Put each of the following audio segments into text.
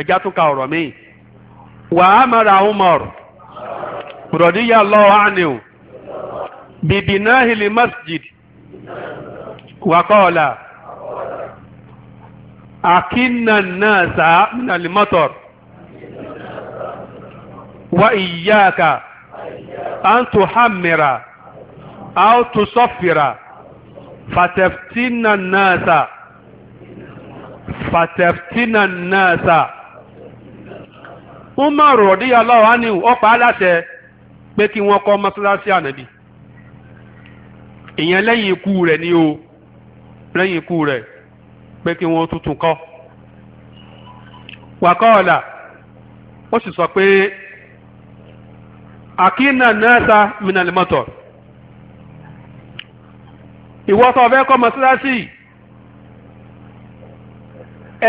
ẹja tún ka ọ̀rọ̀ míì wàá mara umar rọdíyà lọ́wọ́ ànìw bìbí náà hìlì masjid wàkọ́ọ̀là àkínà náà sá mìnàlì mọ́tọ̀r wa ìyáàkà àǹtò hàmìrà àǹtò sọ́fìrà fàtẹ̀fìtìnà náà sá fàtẹ̀fìtìnà náà sá. umar radiyallahu anhu ó pa á láṣẹ pé kí wọ́n kọ́ mọ́ṣáláṣí ànábì ìyẹn lẹ́yìn ikú rẹ̀ ni o lẹ́yìn ikú rẹ̀ pé kí wọ́n tuntun kọ́ wàkọ́ọ̀là ó sì sọ pé àkínà nasa minalimọ́tọ̀ ìwọ́sọ̀ ọ̀fẹ́ kọ́ mọ́ṣáláṣí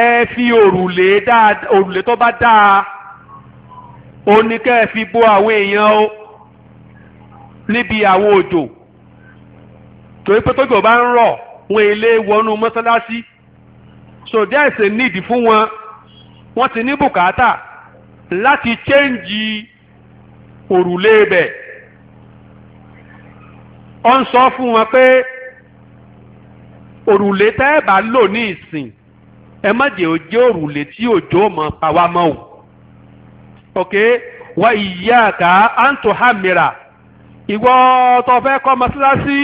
ẹ fi òrùlé tó òun ni kẹ́ ẹ fi bó àwọn èèyàn o níbi àwọn òjò torí pé tójò bá ń rọ̀ wọn èlé wọnú mọ́sálásí so there is a need fún wọn wọ́n ti ní bùkátà láti chẹ́ǹjì òrùlé bẹ̀ ọ ń sọ fún wọn pé òrùlé tẹ́ ẹ bá lò ní ìsìn ẹ má jẹ́ òjò òrùlé tí òjò mọ̀ pa wá mọ́ o. Ok, wa iyyaka an tuhammira ìwọ tó fẹ́ kọ́ mọ́sálásí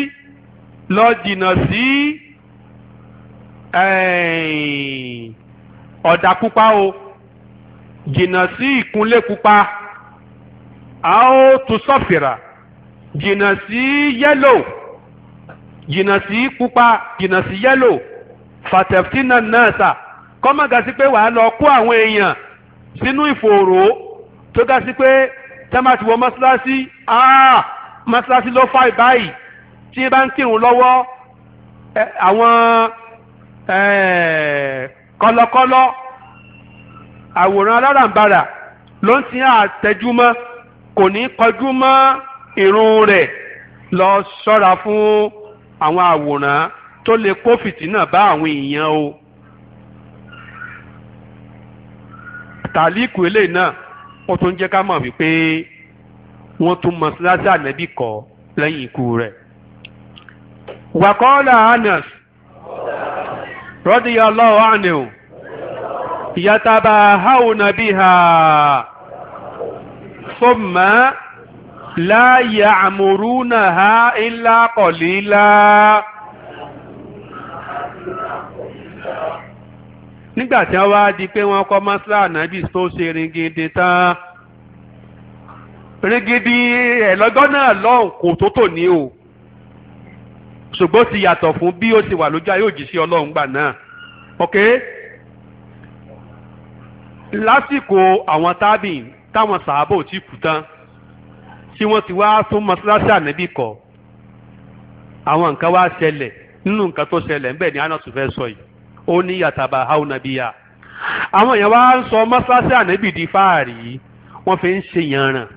lọ jìnnà sí ọ̀dà pupa o jìnnà sí ìkúnlẹ̀ pupa a ó tún sọ̀fìrà jìnnà sí yẹ́lò jìnnà sí pupa jìnnà sí yẹ́lò fàtẹ̀fínà náà sà kọ́mọ̀gà sí pé wàá lọ kó àwọn èèyàn sínú ìfòòró tó ga sí pé tẹ́mà ti wọ mọ́ṣáláṣí ah, mọ́ṣáláṣí ló fà báyìí tí bá ń kírun lọ́wọ́ àwọn kọlọkọlọ àwòrán alárànbarà ló ń ti àtẹjúmọ́ kò ní kọjú mọ́ irun rẹ̀ lọ ṣọ́ra fún àwọn àwòrán tó lè kó fìtínà bá àwọn èèyàn o tàlíkù eléyìí náà ó tún jẹ́ ká mọ̀ wípé wọ́n tún mọ́ṣáláṣí ànábì kọ́ lẹ́yìn ikú rẹ̀. wàkọ́ọ́lá anas radiyallahu anhu yatabahawna biha thumma la ya'murunaha illa qalila. nígbà tí wọ́n wá di pé wọ́n kọ́ mọ́sálà ànábì tó ṣe ringindi tán ringindi ẹ̀lọ́gọ́ náà lọ́hùn kò tó tò ní o ṣùgbọ́n ti yàtọ̀ fún bí ó ti wà lójú ayé òjìṣẹ́ ọlọ́run gbà náà ok lásìkò àwọn tábì táwọn sàábò ti kú tán tí wọ́n ti wá tún mọ́sálásí ànábì kọ̀ àwọn nǹkan wá ṣẹlẹ̀ nínú nǹkan tó ṣẹlẹ̀ ńbẹ̀ ni anọ́tù fẹ́ sọ yìí ó yataba yàtàbà haúnà àwọn èèyàn wá ń sọ mọ́ṣáláṣí ànábì di fáàrí wọ́n fi ń ṣe yànràn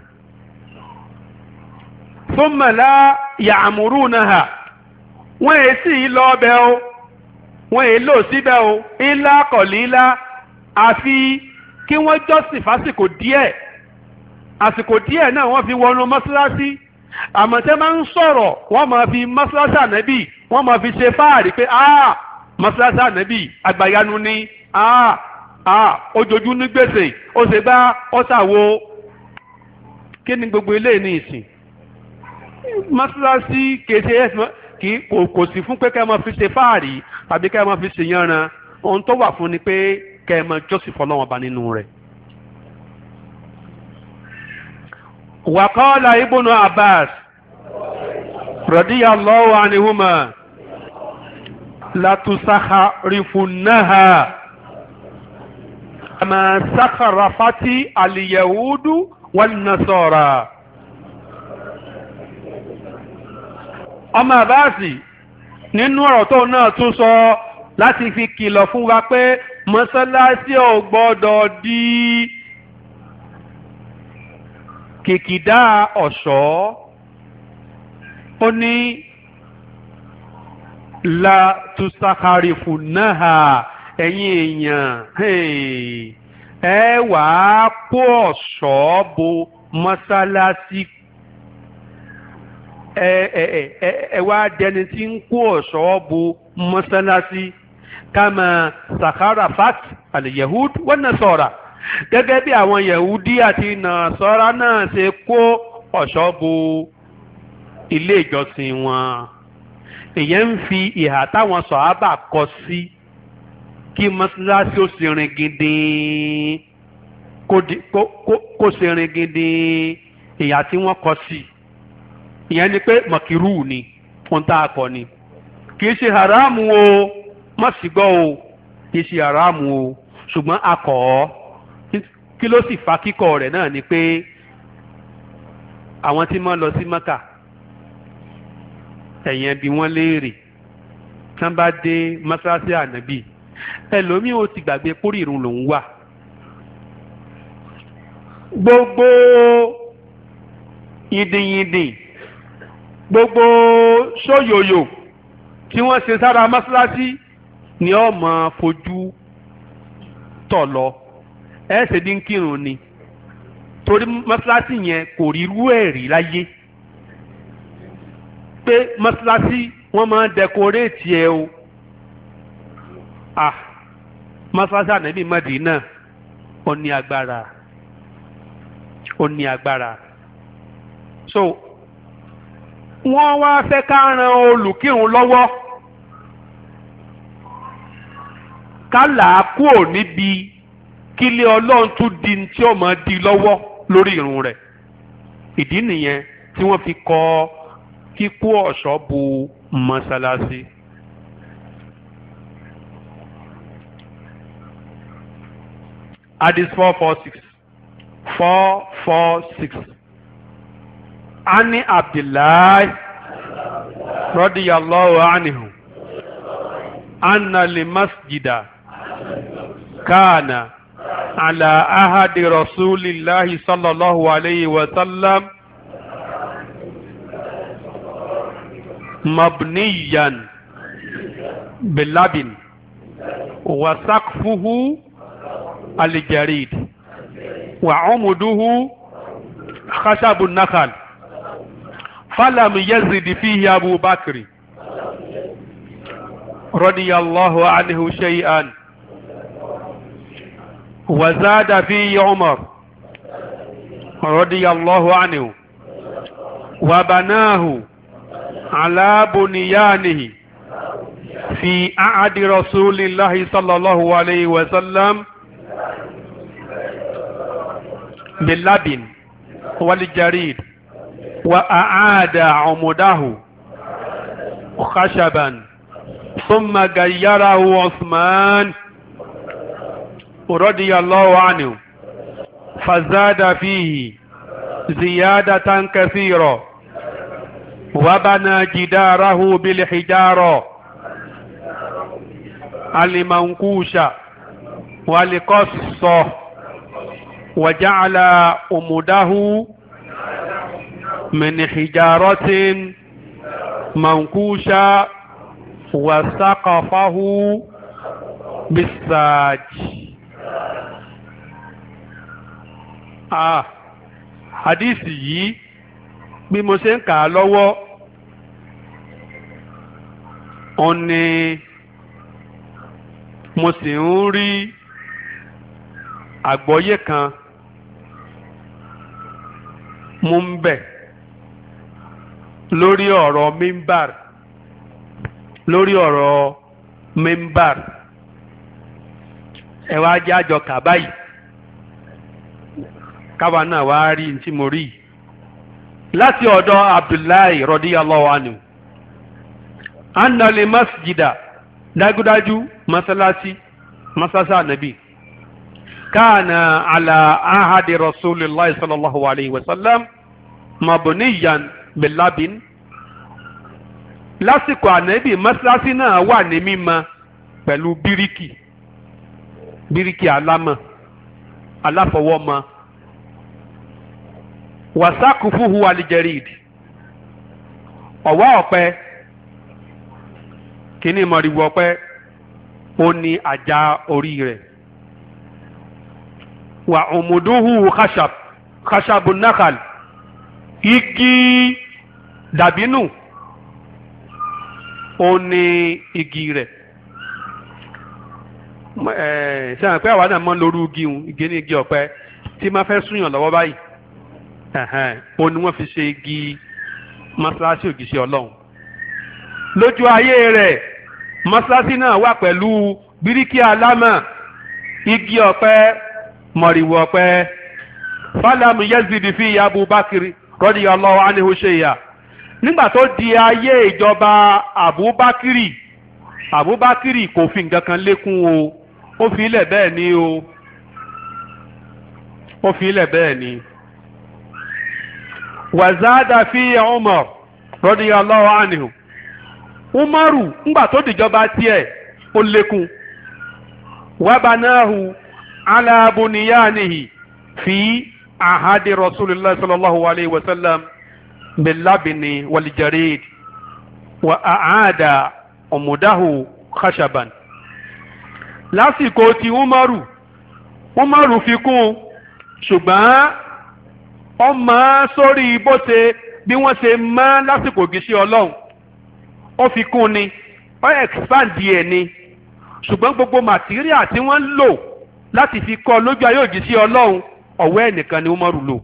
thumma la ya'murunaha wọ́n èé sì lọ ọbẹ̀ o wọ́n èé lò síbẹ̀ o ńlá kọ̀lílá àfi kí wọ́n jọ́sìn díẹ̀ àsìkò díẹ̀ fi wọnú mọ́ṣáláṣí àmọ́ máa ń sọ̀rọ̀ wọ́n máa fi mọ́ṣáláṣí ànábì wọ́n fi ṣe fáàrí pé áà. Ah, mọ́sálásí ànábì àgbàyanu ni ojoojú ní gbèsè ó ṣe bá ọ́sàwó kí ni gbogbo ilé ní ìsìn mọ́sálásí kèsè kì kò sí fún pé kẹ́ ẹ máa fi ṣe fáàrí tàbí kẹ́ ẹ máa fi ṣe yànran ohun tó wà fún ni pé kẹ́ ẹ máa jọ́sìn fọlọ́wọ́n bá nínú rẹ̀. wàkọ́ọ̀lá ibùnú Abbas radiyallahu anhuma latusaharifunaha ama sakarafati aliyahudu walinasọra ọmọ àbáàsì nínú ọ̀rọ̀ tó náà tún sọ láti fi kìlọ̀ fún wa pé mọ́sálásí ò gbọ́dọ̀ di kìkìdá ọ̀ṣọ́ ó ní la tusakarifu náà ẹ̀yin èèyàn ẹ wà á kó ọ̀ṣọ́ bo mọ́sálásí ẹ wá dẹni tí ń kó ọ̀ṣọ́ bo mọ́sálásí kama sakara fat aliyahud wa nasara gẹ́gẹ́ bí àwọn yahudi àti nasara náà ṣe kó ọ̀ṣọ́ bo ilé ìjọsìn wọn èyàn ń fi ìhà táwọn sọ̀hábà kọ sí kí mọ́ṣáláṣí ó sì rìn gidin kó sì rìn gidin ìhà tí wọ́n kọ sí ìyẹn ni pé mọ̀kìrú ni fún tá a kọ ni kì í ṣe haramu o má sì gbọ́ o kì í ṣe haramu o ṣùgbọ́n a kọ̀ ọ́ kí ló sì fa kíkọ̀ rẹ̀ náà ni pé àwọn tí wọ́n lọ sí mọ́kà. Si ẹ̀yẹn bí wọ́n léèrè tán bá dé mọ́ṣáláṣí ànábì ẹlòmíì ó ti gbàgbé pórí ìrun lòún wà gbogbo yìndìnyìndìn gbogbo sóyòyò tí wọ́n ṣe sára mọ́ṣáláṣí ni ó máa fojú tọ̀ lọ ẹ̀ ṣe ni torí mọ́ṣáláṣí yẹn kò rí irú ẹ̀ rí láyé pé mọ́ṣáláṣí wọ́n máa ń dẹkoréètì ẹ o ah mọ́ṣáláṣí ànábì Mádínà ó ní agbára ó ní agbára so wọ́n wá fẹ́ ká ran olùkírun lọ́wọ́ ká làákùò níbi kílé ọlọ́run tún di tí ó máa di lọ́wọ́ lórí irun rẹ̀ ìdí nìyẹn tí wọ́n fi kọ́ ọ kíkó ọ̀ṣọ́ bo mọ́sálásí. Hadith four four six four four six. Ani Abdullahi radiyallahu anhu anna li masjida kana ala ahadi rasulillahi sallallahu alayhi wa sallam. مبنيا باللبن وسقفه الجريد وعمده خشب النخل فلم يزد فيه أبو بكر رضي الله عنه شيئا وزاد فيه عمر رضي الله عنه وبناه ala buniyanihi fi ahadi rasulillahi sallallahu alayhi wa sallam bilabin walijarid wa aada umudahu khashaban thumma gayyarahu Uthman radiyallahu anhu fazada fihi ziyadatan kathira وبنى جداره بالحجارة المنكوشة والقصة وجعل أمده من حجارة منكوشة وسقفه بالساج آه حديث yìí bí mo ṣe ń kà á lọ́wọ́ ó ní mo sì ń rí àgbọ́yé kan mú ń bẹ̀ lórí ọ̀rọ̀ mímbàr lórí ọ̀rọ̀ mímbàr ẹ wá jẹ́ àjọ báyìí káwa náà wá rí ní tí mo rí yìí láti ọ̀dọ̀ abdullahi radiyallahu anhu annali masjida dagudaju masalasi masasa anabi kana ala ahadi rasulillahi sallallahu alayhi wa sallam mabuniyan bilabin lásìkò anabi masalasi náà wà ní mímọ pẹ̀lú bíríkì bíríkì alámọ̀ aláfọwọ́mọ wàsákùfùhù àlìjẹrìdì ọ̀wá ọ̀pẹ kìíní mọ̀rìwò ọ̀pẹ ó ní àjà orí rẹ̀ wà òmùdúhù khashab khashabun nakal igi dàbínù ó ní igi rẹ̀ ṣé àwọn pé àwa náà mọ́ lórí igi igi ní igi ọ̀pẹ tí máa fẹ́ súnyàn lọ́wọ́ báyìí. ó ni wọn fi ṣe igi mọ́ṣáláṣí ògìṣẹ́ ọlọ́run lójú ayé rẹ̀ mọ́ṣáláṣí náà wà pẹ̀lú bíríkì alama igi ọ̀pẹ mọ̀rìwò ọ̀pẹ fálàmù yẹ́zìdì fi ìyá abubakar radiyallahu anhu ṣèyà nígbà tó di ayé ìjọba abubakiri abubakiri kò fi nǹkan kan lékún o ó fi ilẹ̀ bẹ́ẹ̀ ni o ó fi ilẹ̀ bẹ́ẹ̀ ni. wazada fi umar radiyallahu anhu umaru ngbà tó dìjọba tiẹ̀ ó lékún wabanahu ala bunyanihi fi ahadi rasulillah sallallahu alayhi wa sallam bilabini walijarid wa aada umudahu khashaban lásìkò tí umaru umaru fi kún ṣùgbọ́n wọ́n máa sórí bó ṣe bí wọ́n ṣe máa lásìkò gíṣẹ́ ọlọ́run ó fi kún ni ó expand ẹ̀ ni ṣùgbọ́n gbogbo màtíríà tí wọ́n lò láti fi kọ́ lójú ayé òjíṣẹ́ ọlọ́run ọ̀wọ́ ẹ̀nìkan ni umaru lò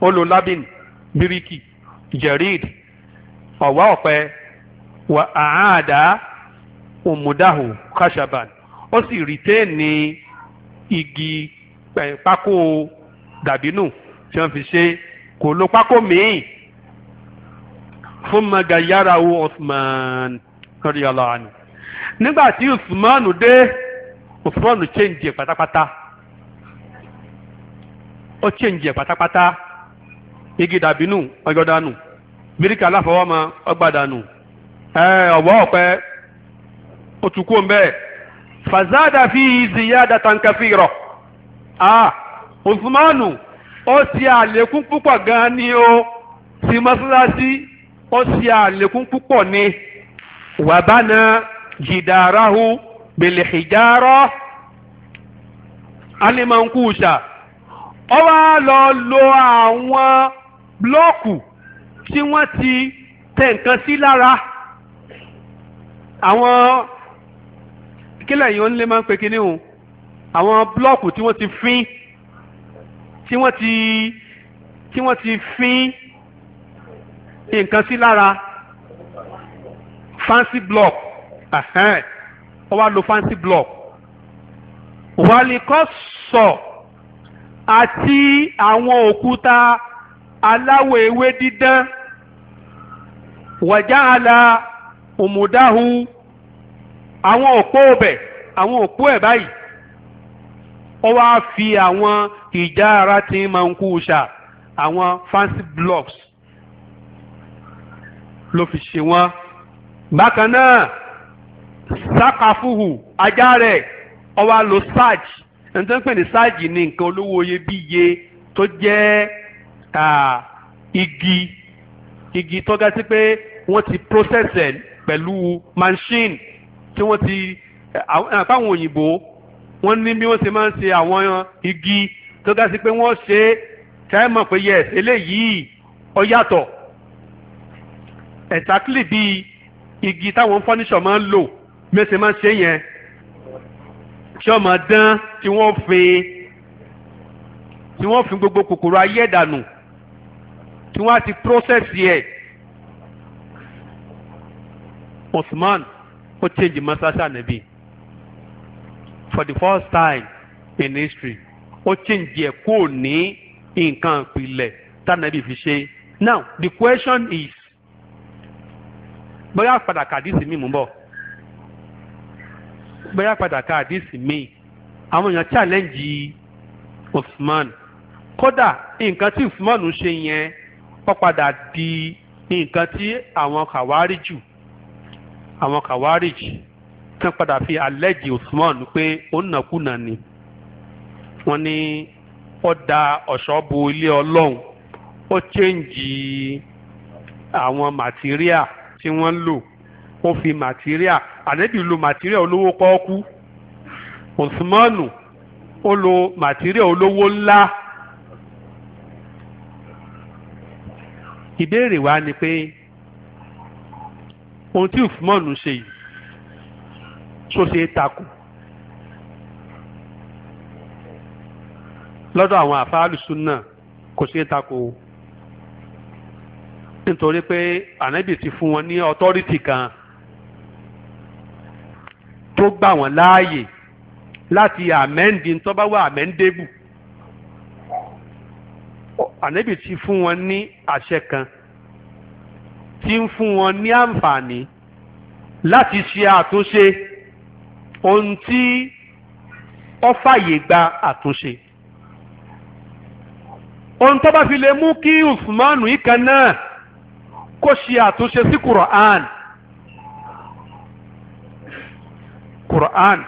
ó lo labin biriki jerid ọ̀wá ọ̀pẹ wà áhàdá òmùdáhù kashaban ó sì rìtẹ́ẹ̀nì igi eh, pákó dàbínù tí wọ́n fi ṣe kò lo pákó fún magayara wo Usman kọ́ríọ́lá ni nígbà tí Usman dé Usman change ẹ̀ pátápátá ó change pátápátá igi dàbínú ọjọ́ dànù bíríkì aláfọwọ́mọ ọgbà dànù ọ̀wọ́ ọ̀pẹ ó tún kú mbẹ́ fàzádà fi ziyadatan kafira ah Usmanu. ó ṣe àlékún púpọ̀ gan ni o ti mọ́ṣáláṣí ó ṣe àlékún púpọ̀ ni wàbánà jìdàráhu bèlèhìjárọ́ alimankusha ó wá lọ lo àwọn blọ́ọ̀kù tí wọ́n ti tẹ nǹkan sí lára àwọn kílẹ̀ yìí ó ń lé máa ń pe kinní o àwọn blọ́ọ̀kù tí wọ́n ti fín tí wọ́n ti tí wọ́n ti fín nǹkan sí lára fancy block ó wá lo fancy block wàlíkọ́ sọ àti àwọn òkúta aláwọ̀ ewé dídán wàjá àlà òmùdáhu àwọn òpó ọbẹ̀ àwọn òpó ẹ̀ báyìí ó wá fi àwọn ìjára tí ma ń kú ṣá àwọn fancy blocks ló fi ṣe wọn. bákan náà sákàfùhù ajá rẹ̀ ọwọ́ lo sarge ẹni tó ń pè ní sarge ní nǹkan olówó iyebíye tó jẹ́ igi igi tó ga sí pé wọ́n ti process ẹ̀ pẹ̀lú machine tí wọ́n ti àpáwọn òyìnbó wọ́n ní bí wọ́n ṣe máa ń ṣe àwọn igi tó ga sí pé wọ́n ṣe tẹ́mọ̀ pé yẹ eléyìí ó yàtọ̀ ẹ̀sákìlì bíi igi táwọn fọ́níṣọ̀ máa ń lò mẹ́sẹ̀ máa ń ṣe yẹn ṣọ́ọ̀mọ̀ dán tí wọ́n fi tí wọ́n fi gbogbo kòkòrò ayé dànù tí wọ́n á ti prósẹ̀sì ẹ̀ Usman ó change masasa nabi for the first time in history ó change ẹ̀ kúrò ní nǹkan ìpìlẹ̀ tánàbí fi ṣe now the question is bóyá padà kàdísì mi mú bọ̀ bóyá padà kàdísì mi àwọn èèyàn challenge Usman kódà nǹkan tí Usman ṣe yẹn ó padà di nǹkan tí àwọn kàwáríjù àwọn kàwáríjù tán padà fi allege Usman pé òun nàkúnà ni wọ́n ní ó da ọ̀ṣọ́ bo ilé ọlọ́run ó chẹ́ǹjì àwọn màtíríà tí wọ́n lò ó fi màtíríà ànábì lo màtíríà olówó pọ́ọ́kú òsùmọ́ọ̀nù ó lo màtíríà olówó ńlá. ìbéèrè wa ni pé ohun tí òsùmọ́ọ̀nù ṣe yìí tó ṣe é takò. lọ́dọ̀ àwọn àfáàlù súnà kò ṣeé takò nítorí pé ànábì ti fún wọn ní ọtọ́rìtì kan tó gbà wọ́n láàyè láti àmẹ́ǹdì tó bá wà àmẹ́ǹdébù ànábì ti fún wọn ní àṣẹ kan tí ń fún wọn ní àǹfààní láti ṣe àtúnṣe ohun tí ó fàyè gba àtúnṣe ohun tó bá fi lè mú kí usmanu yìí náà kó ṣe àtúnṣe sí quran quran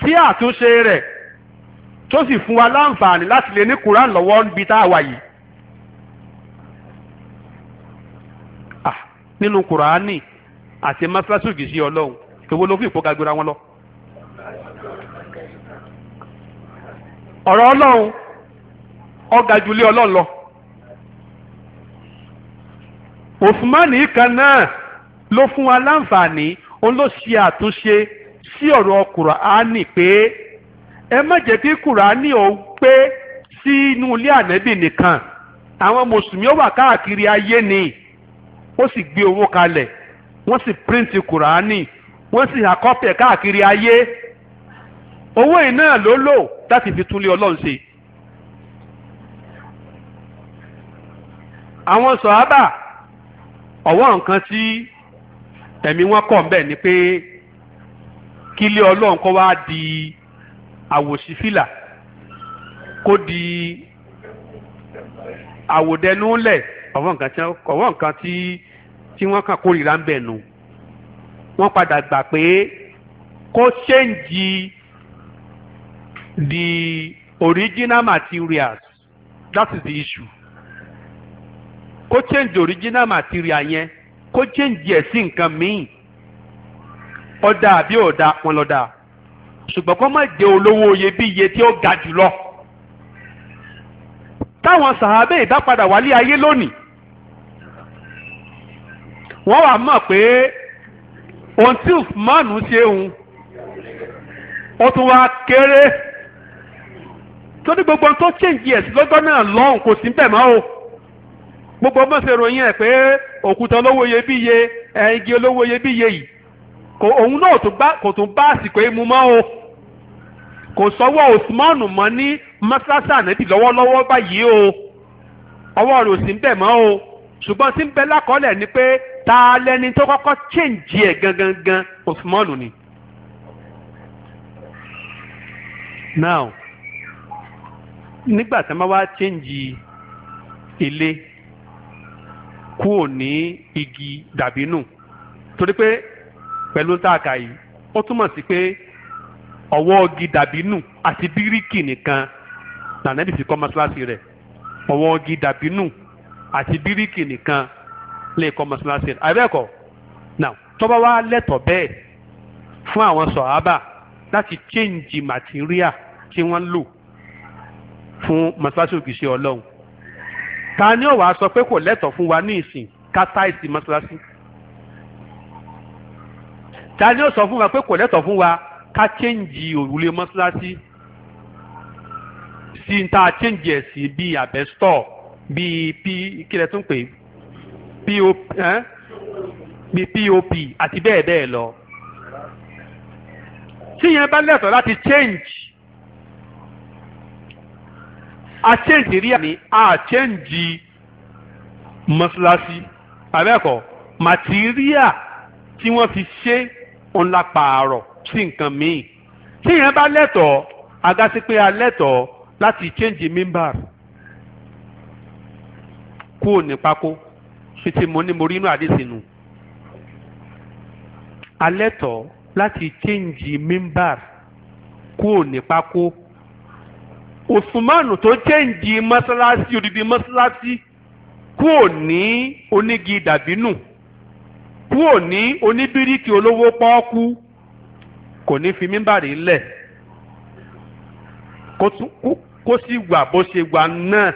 tí àtúnṣe rẹ̀ tó sì fún wa láǹfààní láti lè ní quran lọ́wọ́ níbi tá a wà yìí ah, nínú kùránì àti mọ́sálásí ògìsí ọlọ́run èwo ló fi ìpọ́gagbéra wọn lọ. ọ̀rọ̀ ọlọ́run ọ̀gá jùlé ọlọ́run kan náà ló fún wa láǹfààní òun ló ṣe àtúnṣe sí ọ̀rọ̀ kùránì pé ẹ má jẹ́ kí kùránì ò pé sí inú ilé ànẹ́bì nìkan àwọn mùsùlùmí ó wà káàkiri ayé ni ó sì gbé owó kalẹ̀ wọ́n sì píríǹtì kùránì wọ́n sì àkọ́pẹ̀ káàkiri ayé. owó yìí náà ló lò láti fi túnlé ọlọ́run ṣe. àwọn sọ̀hábà ọ̀wọ́ nǹkan tí ẹ̀mí wọn kọ̀ ńbẹ̀ ni pé kílé ọlọ́run kó wá di àwòsífìlà kó di àwòdẹnúlẹ̀ ọ̀wọ́ nǹkan tí ọ̀wọ́ nǹkan tí tí wọ́n kàn kórìíra ń bẹ̀ nù wọ́n padà gbà pé kó ṣéǹjì the original materials that is the issue kó change original material yẹn kó change ẹ̀ sí nǹkan míì ọ̀dà àbí ọ̀dà wọn lọ́dà ṣùgbọ́n kó má jẹ́ olówó iyebíye tí ó ga jùlọ táwọn sàhábẹ́ ìdápadà wálé ayé lónìí wọ́n wá mọ̀ pé until tí ṣe ń ó tún wá kéré. tó ní gbogbo tó change years lọ́jọ́ náà lọ́hùn kò sí bẹ́ẹ̀ mọ́ o gbogbo ọmọ ṣe ròyìn ẹ̀ pé òkúta olówó iyebíye igi olówó iyebíye yìí òun náà kò tún bá àsìkò mọ́ o kò sọ́wọ́ Usman mọ́ ní lọ́wọ́lọ́wọ́ báyìí o ọwọ́ rẹ̀ ò sí bẹ́ẹ̀ mọ́ o ṣùgbọ́n tí ń bẹ lákọọ́lẹ̀ ni gangan Usman ni. nígbà tí wọ́n wá chẹ́ǹjì ilé kúrò ní igi dàbínù torí pé pẹ̀lú táàkà yìí ó túmọ̀ sí pé ọwọ́ igi dàbínù àti bíríkì nìkan nànẹ́bì fi kọ́ mọ́ṣáláṣí rẹ̀ ọwọ́ igi dàbínù àti bíríkì nìkan lè kọ́ mọ́ṣáláṣí rẹ̀ àbẹ́ẹ̀kọ́ now tọ́ba wa lẹ́tọ̀ bẹ́ẹ̀ fún àwọn sọ̀hábà láti change material tí wọ́n lò fún mọ́ṣáláṣí ògìṣẹ́ ọlọ́run ta ni ó wá sọ pé kò lẹ́tọ̀ọ́ fún wa ní ìsìn ká táìsì mọ́ṣáláṣí ta ni ó sọ fún wa pé kò lẹ́tọ̀ọ́ fún wa ká chẹ́ǹjì òrùlé mọ́ṣáláṣí sí ta chẹ́ǹjì ẹ̀ sí bíi àbẹ́stọ̀ bíi p kílẹ̀ tún pè pop bíi pop àti bẹ́ẹ̀ bẹ́ẹ̀ lọ tíyẹn bá lẹ́tọ̀ọ́ láti chẹ́ǹjì a change rí àní a change mọ́ṣáláṣí àbẹ́ẹ̀kọ́ màtíríà tí wọ́n fi ṣe ọ̀nla pààrọ̀ sí nǹkan míì tíyẹn bá lẹ́tọ̀ọ́ agasi pé a lẹ́tọ̀ọ́ láti change member kúrò ní pákó títí mo ní mo rí inú àdéhùn nù a lẹ́tọ̀ọ́ láti change member kúrò ní pákó. Usmanu tó chẹ́ǹjì mọ́sálásí odidi mọ́sálásí kúò ní onígi dàbínù kúò ní oníbíríkì olówó pọ́ọ́kú kò ní fi mímbàrí lẹ̀ kó sì wà bó ṣe wà náà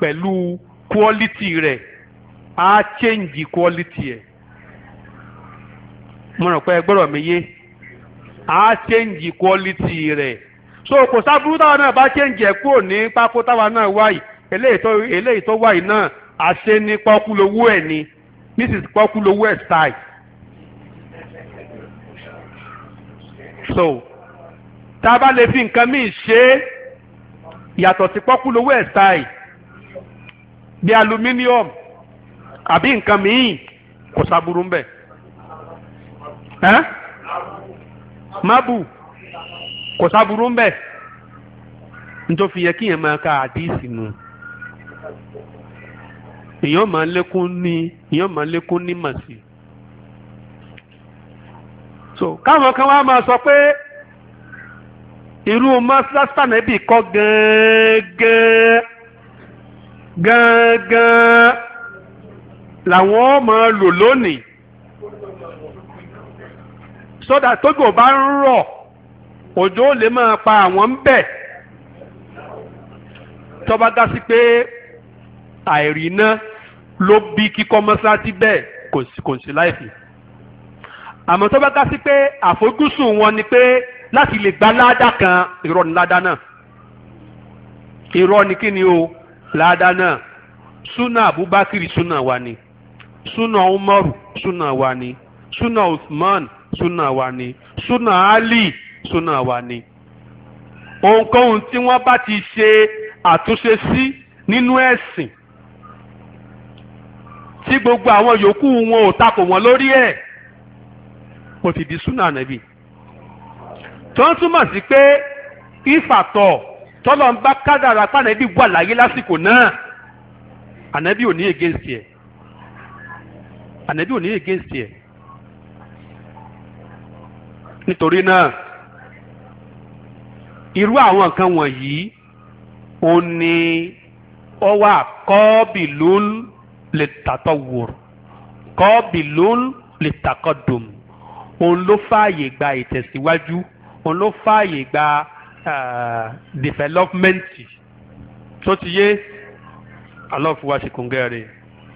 pẹ̀lú kúọ́lítì rẹ̀ á chẹ́ǹjì kúọ́lítì ẹ̀ mo rò pé ẹ gbọ́dọ̀ mi yé á chẹ́ǹjì kúọ́lítì rẹ̀ so kò sábúrú táwa náà bá chẹ́ǹjì ẹ̀ kúrò ní pákó táwa náà wáyì eléyìí tó wáyì náà àṣẹ ní pọ́kú lowó ẹ̀ ni mrs pọ́kú lowó style. so tá a bá lè fi nǹkan míì ṣe yàtọ̀ sí pọ́kú lowó style bí aluminium àbí nǹkan míì kò sábúrú ń bẹ̀. Eh? mabu kò sáburú ń bẹ̀ nítorí fi yẹ kí yẹn máa ka àdíìsì nù èèyàn máa lékún ní èèyàn máa lékún ní màsí so káwọn kan wá máa sọ pé irú mọ́sálásánẹ́bì kọ́ gẹ́gẹ́ gángan làwọn máa lò lónìí sódà tójò bá ń rọ̀ òjò lè máa pa àwọn ń bẹ̀ tọ́ba dá sí pé àìrìnà ló bí kíkọ́ mọ́ṣáláṣí bẹ́ẹ̀ kò sí láìsí àmọ́ tọ́ba dá sí pé àfojúsùn wọn ni pé láti lè gba ládàá kan irọ́ ni ládàá náà irọ́ ni kí o ládàá náà súnà Abubakar súnà wa ni súnà Umaru súnà wa ni súnà Usman súnà wa ni súnà Ali súnà wa ni ohunkóhun tí wọ́n bá ti ṣe àtúnṣe sí nínú ẹ̀sìn tí gbogbo àwọn yòókù wọn ò takò wọn lórí ẹ̀ kò ti di súnà nàbì tó ń túmọ̀ sí pé ìfàtọ̀ tọ́lọ̀ ń bá kádàrà pànẹ́bí wà láyé lásìkò náà ànẹ́bí ò ní against ẹ̀ ànẹ́bí ò ní against ẹ̀ nítorí náà irú àwọn nǹkan wọ̀nyí ó ní ó wà qabilun litatawwur qabilun litaqaddum òun ló fààyè gba ìtẹ̀síwájú òun ló fààyè gba ah, dìfẹ́lọ́pmẹ́ǹtì tó ti yé alọ́fùwàṣìkùngẹ́rẹ́.